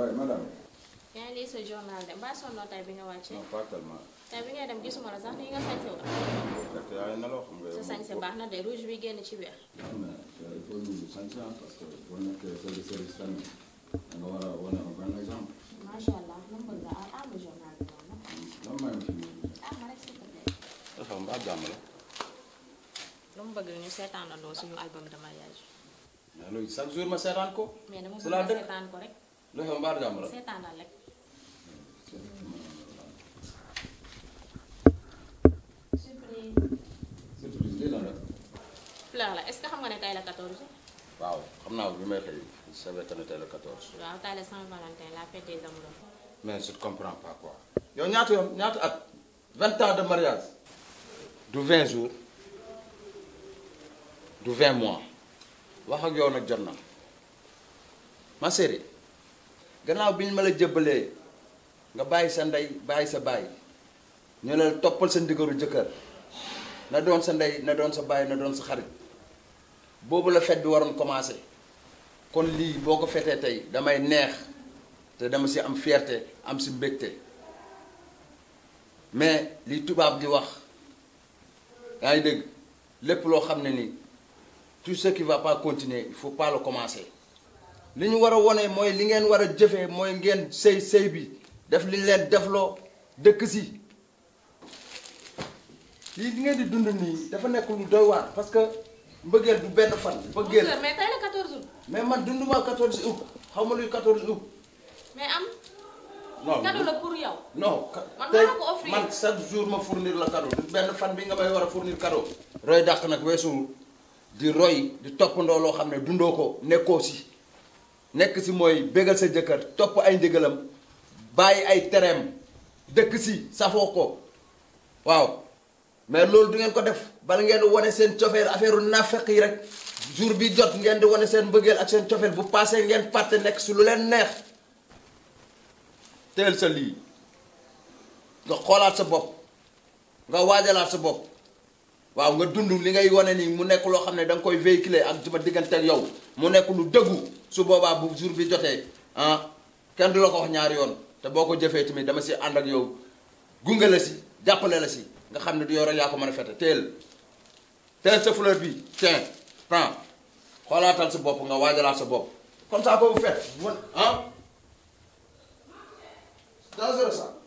waaye madame. yaa ngi lii sa journal de mbaa sonnoo tay bi nga wàccee. non tay bi ngay dem gisuma la sax ni nga sañse wala. fekk yaa sa sañse baax na de rouge bi génn ci biir. non mais euh, il faut ah, a wane bëgg nga ah, ah, am am journal ma rek s'il te plaît. nga xam mbaa la. lu suñu album de mariage. mais loolu chaque jour ma seetaan ko. mais dama bëgg seetaan ko rek. lu xew mbaaru jàmm la seetaanal rek surprise lii lan la fleur la est-ce que xam nga ne tey 14 waaw xam naa bi may xëy je savais que 14 waaw tey la Saint-Valentin la fête des amoureux mais je ne comprends pas quoi yow ñaata yoon ñaata 20 ans de mariage du 20 jours du 20 mois wax ak yow nag jot ma chérie gannaaw bi ñu ma la jëbbalee nga bàyyi sa ndey bàyyi sa baay ñu ne toppal sa ndigaru jëkkër na doon sa ndey na doon sa baay na doon sa xarit boobu la fête bi waroon commencé kon lii boo ko fetee tey damay neex te dama si am fierté am si mbégte mais li tubaab di wax yaa ngi dégg lépp loo xam ne nii tout ce qui va pas continuer il faut pas le commencer liñu wara woné moy li ngeen wara jëfé moy ngeen sey sey bi def liñ leen defloo dekk si li ngeen di dund ni dafa nekk lu doy waar parce que mbëggeel du benn fan. mbëggeel mais tay la 14 août. mais man dunduma 14 août xawma luy 14 août. mais am. non cadeau la pour yow. non tay man chaque jour ma fournir la cadeau benn fan bi nga may wara fournir cadeau. roy dakk nak weesu di roy di toppandoo loo xam ne dundoo ko si. nekk si mooy bégal sa jëkkër topp ay ndigalam bàyyi ay tereem dëkk si safoo ko waaw mais loolu du ngeen ko def bala ngeen wane seen cofeel affaire naafeq yi rek jour bi jot ngeen di wane seen mbëggeel ak seen cofeel bu paasee ngeen fàtte nekk si lu leen neex teel sa lii nga xoolaat sa bopp nga waajalaat sa bopp waaw nga dund li ngay wane nii mu nekk loo xam ne danga koy véhiculer ak ma diggante yow mu nekk lu dëggu su boobaa bu jour bi joxee ah kenn du la ko wax ñaari yoon te boo ko jëfee tamit dama si ànd ak yow gunge la si jàppale la si nga xam ne du yow rek yaa ko mën a fete teel teel sa fleur bi tiens prends xoolaatal sa bopp nga waajalaat sa bopp comme saa ko bu fet ah dangereux